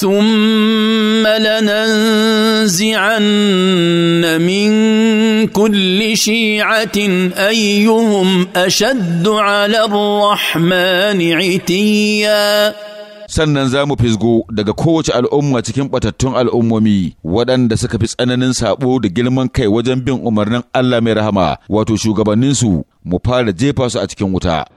ثم لننزعن من كل شيعه ايهم اشد على الرحمن عتيا sannan za mu fisgo daga kowace al'umma cikin batattun al'ummomi waɗanda suka fi tsananin saɓo da girman kai wajen bin umarnin Allah mai rahama wato shugabanninsu mu fara jefa su a cikin wuta.